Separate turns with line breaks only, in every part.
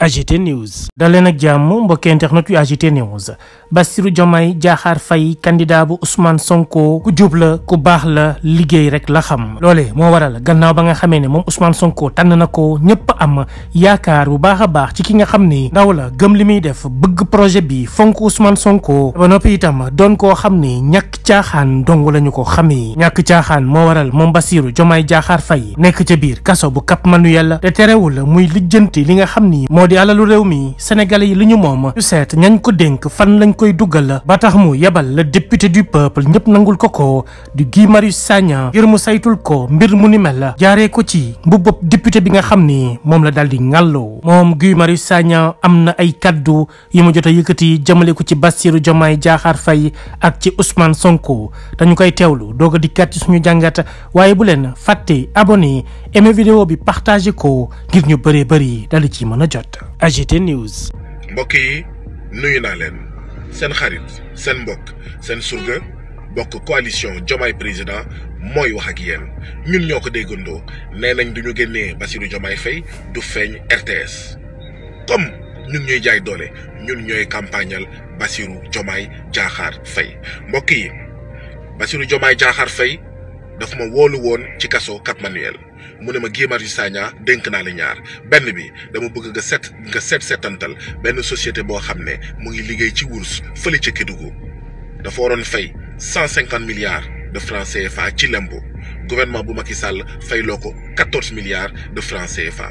AGT News daleen ak jàmm mbokki internet yu AGT News Bassirou Diomaye Diakhar Faye candidat bu Ousmane Sonko ku jub la ku baax la liggéey rek la xam loole moo waral gannaaw ba nga xamee ne moom Ousmane Sonko tànn na ko ñëpp am yaakaar bu baax a baax ci ki nga xam ni ndaw la gëm li muy def bëgg projet bi fonk Ousmane Sonko ba noppi itam doon koo xam ni ñàkk caaxaan dong la ñu ko xamee ñàkk caaxaan moo waral moom Bassirou Diomaye Diakhar Faye nekk ca biir kaso bu Cap Manuel te terewul muy lijjanti li nga xam di alalu réew mi sénégalais yi li ñu moom ñu seet ñañ ko dénk fan lañ koy dugal ba tax mu yebal la député du peuple ñëpp nangul ko ko di Guy Marius Sagna ngir mu saytul ko mbir mu ni mel la jaaree ko ci bu bopp député bi nga xam ni moom la daal di ngàlloo moom Guy Marius Sagna am na ay kaddu yi mu jot a yëkkati jëmale ko ci bastiru Diomaye jaaxaar Faye ak ci Ousmane Sonko dañu koy teewlu doog a dikkaat ci suñu jàngat waaye bu leen fàtte abonné aimé bi partage ko ngir ñu bëree bëri dal di ci mën a jot AGT News. mbokk yi
nuyu naa leen seen xarit seen mbokk seen surga bokk coalition Diomaye président mooy wax ak yéen ñun ñoo ko déggandoo nee nañ du ñu génnee Bassirou Diomaye Faye du feeñ RTS comme ñun ñooy jaay doole ñun ñooy campagnal Bassirou Diomaye jaaxaar Faye mbokk yi Bassirou Diomaye jaaxaar Faye. daf ma woolu woon ci kaso Cap Manuel mu ne ma Guy Marius Sagna dénk naa la ñaar benn bi dama bëgg nga set nga set setantal benn société boo xam ne mu ngi liggéey ci wurus fële ca Kédougou dafa waroon fay cent cinquante milliards de francs CFA ci lembo gouvernement bu ma ki sàll fayloo ko quatorze milliards de francs CFA.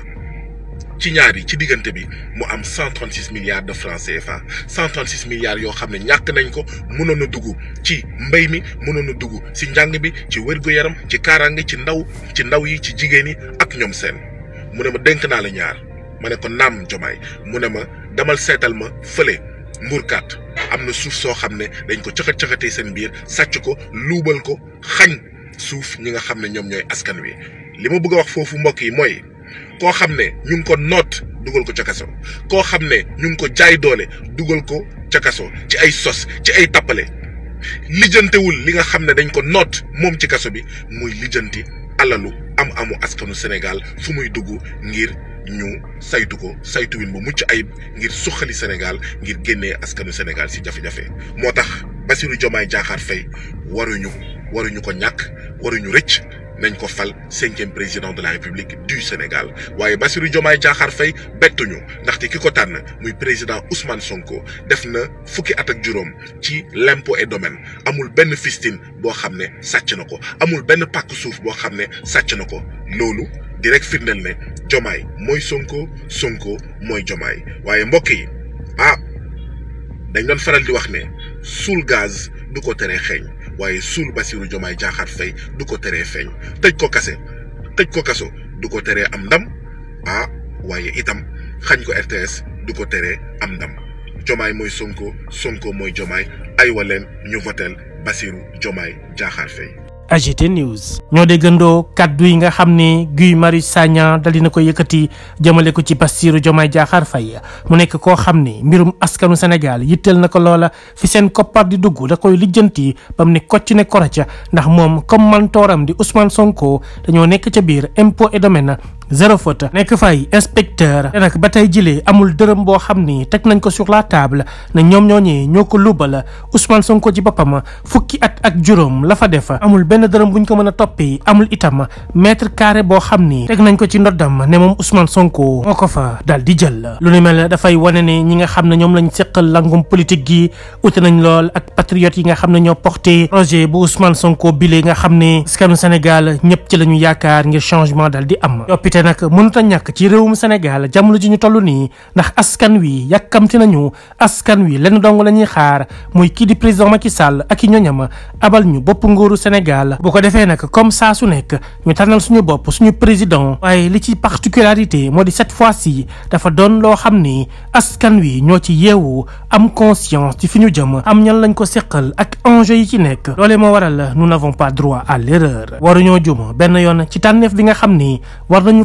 ci ñaar yi ci diggante bi mu am cent trente six de francs CFA cent trente six yoo xam ne ñàkk nañ ko mënoon na dugg ci mbay mi mënoon na dugg ci njàng bi ci wér-gu-yaram ci kaaraange ci ndaw ci ndaw yi ci jigéen yi ak ñoom seen mu ne ma dénk naa la ñaar ma ne ko naam jomaay mu ne ma demal seetal ma fële mburkat am na suuf soo xam ne dañ ko caxat caxatee seen biir sàcc ko luubal ko xañ suuf ñi nga xam ne ñoom ñooy askan wi li ma bëgg a wax foofu mbokk yi mooy. koo xam ne ñu ngi ko noot dugal ko ca kaso koo xam ne ñu ngi ko jaay doole dugal ko ca kaso ci ay sos ci ay tappale lijjantewul li nga xam ne dañ ko noot moom ci kaso bi muy lijjanti alalu am amu askanu Sénégal fu muy dugg ngir ñu saytu ko saytuwin bu mucc ayib ngir suqali Sénégal ngir génnee askanu Sénégal si jafe-jafe moo tax Bassirou Diomaye Diakhar Faye waruñu waruñu ko ñàkk waruñu rëcc nañ ko fal cinquième président de la république du Sénégal waaye Bassirou Diomaye Diakhar Faye bettuñu ndaxte ki ko tànn muy président Ousmane Sonko def na fukki at ak juróom ci l'impôt et domaine amul benn fistine boo xam ne sàcc na ko amul benn pàkk suuf boo xam ne sàcc na ko loolu di rek firndeel ne Diomaye mooy Sonko Sonko mooy Diomaye waaye mbokk yi ah dañ doon faral di wax ne suul gaz du ko tere xeeñ waaye suul Bassirou Diomaye Diakhar Faye du ko tere feeñ tëj ko kase tëj ko kaso du ko tere am ndam ah waaye itam xañ ko RTS du ko tere am ndam Diomaye mooy Sonko Sonko mooy Diomaye ay wa leen ñu voteel Bassirou Diomaye Diakhar Faye
AGT News ñoo déggandoo kàddu yi nga xam ne Guy Marius Sagna dali dina ko yëkkati jëmale ko ci Bassirou Diomaye Diakhar fay mu nekk koo xam ni mbirum askanu Sénégal yitteel na ko loola fi seen koppar di dugg da koy lijjanti ba mu ne kocc ne koroca ndax moom comme mantooram di Ousmane Sonko dañoo nekk ca biir impôt et domaine zéro faute nekk fay inspecteur te nag ba tey jilee amul dërëm boo xam ni teg nañ ko sur la table ne ñoom ñooñee ñoo ko luubal Ousmane Sonko ci boppam fukki at ak juróom la fa def amul benn dërëm buñ ko mën a toppee amul itam mètre carré boo xam ni teg nañ ko ci ndoddam ne moom Ousmane Sonko moo ko fa daal di jël lu ni mel dafay wane ne ñi nga xam ne ñoom lañ seqal langum politique gi ute nañ lool ak patriotes yi nga xam ne ñoo porté projet bu Ousmane Sonko bile nga xam ne askanu Sénégal ñëpp ci la ñu yaakaar ngir changement daal di am te nag mënuta ñàkk ci réewum Sénégal jamono ji ñu toll nii ndax askan wi yàkkamti nañu askan wi lenn dong la ñuy xaar muy kii di président Macky sàll ak i ñoñam abal ñu bopp ngóoru Sénégal boo ko defee nag comme saa su nekk ñu tànnal suñu bopp suñu président waaye li ci particularité moo di cette fois si dafa doon loo xam ni askan wii ñoo ci yeewu am conscience ci fi ñu jëm am ñan lañ ko seqal ak enjeu yi ci nekk loolee moo waral nous n'avons pas droit à l'erreur waruñoo jum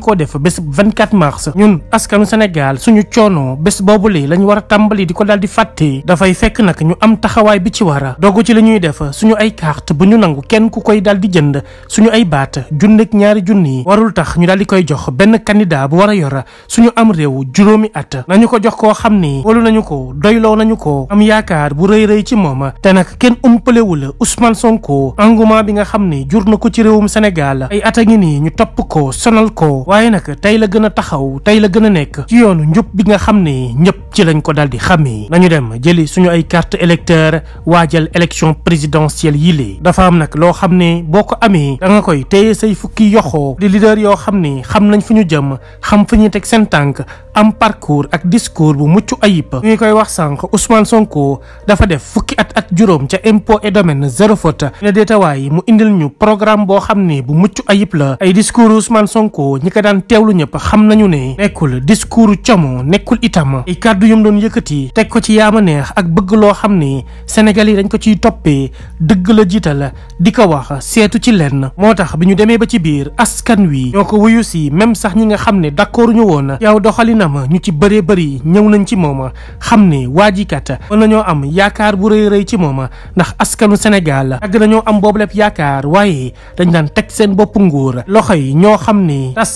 koo def bés 24 mars ñun askanu Sénégal suñu coono bés boobule la ñu war a tàmbali di ko daal di fàtte dafay fekk nag ñu am taxawaay bi ci war a ci la ñuy def suñu ay carte bu ñu nangu kenn ku koy daal di jënd suñu ay baat junneeg ñaari junni warul tax ñu daal di koy jox benn candidat bu war a yor suñu am réew juróomi at nañu ko jox koo xam ni wóolu nañu ko doyloo nañu ko am yaakaar bu rëy rëy ci moom te nag kenn umpalewul Ousmane Sonko engouement bi nga xa ni jur na ko ci réewum Sénégal ay at a ngi nii ñu topp ko sonal waaye nag tey la gën a taxaw tey la gën a nekk ci yoonu njub bi nga xam ne ñëpp ci lañ ko daal di xàmmee nañu dem jëli suñu ay carte électeur waajal élection présidentielle yi lii dafa am nag loo xam ne boo ko amee da koy téye say fukki yoxoo di leader yoo xam ne xam nañ fu ñu jëm xam fu ñuy teg seen tànk am parcours ak discours bu mucc ayib ñu koy wax sànq Ousmane Sonko dafa def fukki at ak juróom ca impôt et domaine zéro faute ne deetawaay mu ñu programme boo xam ne bu mucc ay discours Ousmane Sonko ñi ka daan teewlu ñëpp xam nañu ne nekkul discours como nekkul itam ay kàddu yum doon yëkkati teg ko ci ma neex ak bëgg loo xam ne Sénégal yi dañ ko ciy toppee dëgg la jiital di ko wax seetu ci lenn moo tax bi ñu demee ba ci biir askan wi ñoo ko wuyu si même sax ñi nga xam ne d'accord ñu woon yow doxalinam ñu ci bëree bëri ñëw nañ ci moom xam ne waa ji kat mën nañoo am yaakaar bu rëy rëy ci moom ndax askanu Sénégal yàgg nañoo am boobu lépp yaakaar waaye dañ teg seen bopp nguur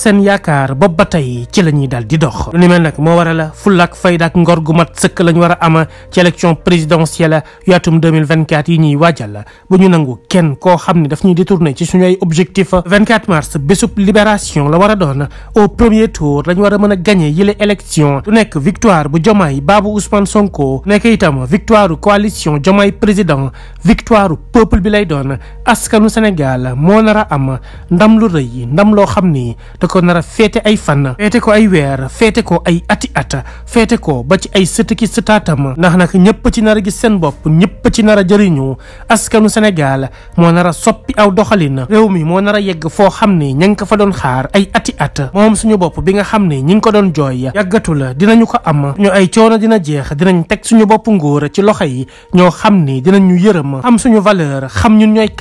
seen yaakaar bopp ba tey ci la ñuy yi ñuy waajal bu koo xam ne daf ñuy détourné ci suñu ay objectif 24 mars bésub libération la war a doon au a a gagné yile élection du nekk victoire bu Jomaay baabu Ousmane Sonko nekk itam victoire coalition Jomaay président victoire peuple bi lay doon askanu Sénégal moo nar a am ndam lu rëy ndam loo xam ni da ko ko nar a féete ay fan féete ko ay weer féete ko ay ati ata féete ko ba ci ay sëtëki sëtaatam ndax nag ñëpp ci nar a gis seen bopp ñëpp ci nar a jëriñu askanu Sénégal moo nar a soppi aw doxalin réew mi moo nar a yegg foo xam ne ña nga ko fa doon xaar ay ati at moom suñu bopp bi nga xam ne ñi ngi ko doon jooy yàggatu la dinañu ko am ñu ay coono dina jeex dinañ teg suñu bopp nguur ci loxo yi ñoo xam ni dinañ ñu yërëm xam suñu valeur xam ñu ñu ay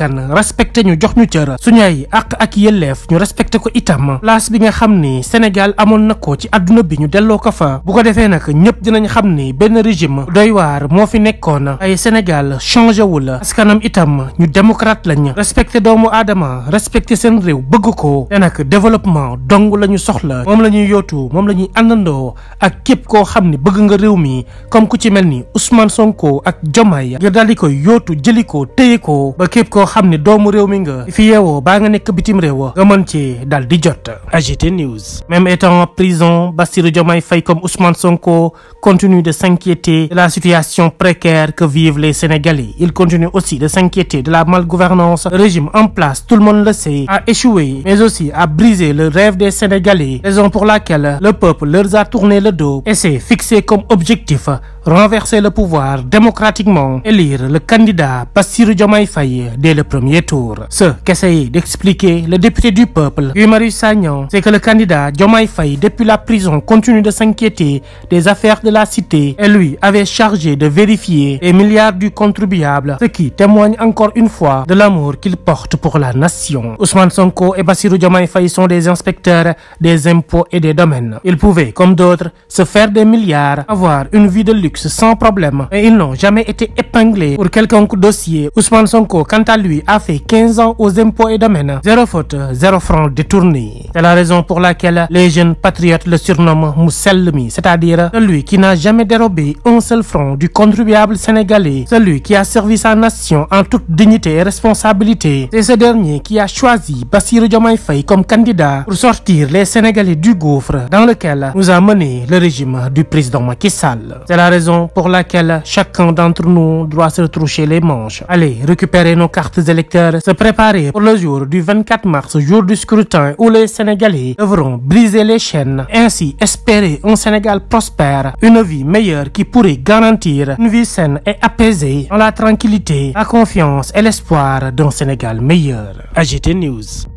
àq place bi nga xam ni Sénégal amoon na ko ci àdduna bi ñu delloo ko fa bu ko defee nag ñëpp dinañ xam ni benn régime doy waar moo fi nekkoon ay Sénégal changé wu la askanam itam ñu démocrate lañ respecté doomu aadama respecté seen réew bëgg ko te nag développement dong la ñu soxla moom la ñuy yootu moom la ñuy àndandoo ak képp koo xam ni bëgg nga réew mi comme ku ci mel ni Ousmane Sonko ak Diomaye ngir daal di koy yootu jëli ko téye ko ba képp koo xam ni doomu réew mi nga fi baa nga nekk bitim réew mën ci daal di jot AGT News. Même étant en prison, Bassirou Diomaye Faye comme Ousmane Sonko continue de s'inquiéter de la situation précaire que vivent les Sénégalais. Il continue aussi de s'inquiéter de la malgouvernance. Le régime en place, tout le monde le sait, a échoué, mais aussi a brisé le rêve des Sénégalais, raison pour laquelle le peuple leur a tourné le dos et s'est fixé comme objectif renverser le pouvoir démocratiquement, élire le candidat Bassirou Diomaye Faye dès le premier tour. Ce qu'essaye d'expliquer le député du peuple, Guy Marius Sagna, c'est que le candidat Diomaye Faye, depuis la prison, continue de s'inquiéter des affaires de la cité et lui avait chargé de vérifier les milliards du contribuable, ce qui témoigne encore une fois de l'amour qu'il porte pour la nation. Ousmane Sonko et Bassirou Diomaye Faye sont des inspecteurs des impôts de luxe luxe sans problème mais ils n'ont jamais été épinglés pour quelconque dossier Ousmane Sonko c'est la raison pour laquelle les jeunes patriotes le surnomment mu sell mi c'est-à-dire celui qui n'a jamais dérobé un seul franc du contribuable sénégalais celui qui a servi sa nation en toute dignité et responsabilité c'est ce dernier qui a choisi Bassirou Diomaye comme candidat pour sortir les Sénégalais du gouffre dans lequel nous a mené le régime du président Macky c'est la raison raison pour laquelle chacun d'entre nous doit se retroucher les manches. Allez, récupérer nos cartes électeurs, se préparer pour le jour du 24 mars, jour du scrutin où les Sénégalais devront briser les chaînes, ainsi espérer un Sénégal prospère, une vie meilleure qui pourrait garantir une vie saine et apaisée dans la tranquillité, la confiance et l'espoir d'un Sénégal meilleur. AGT News.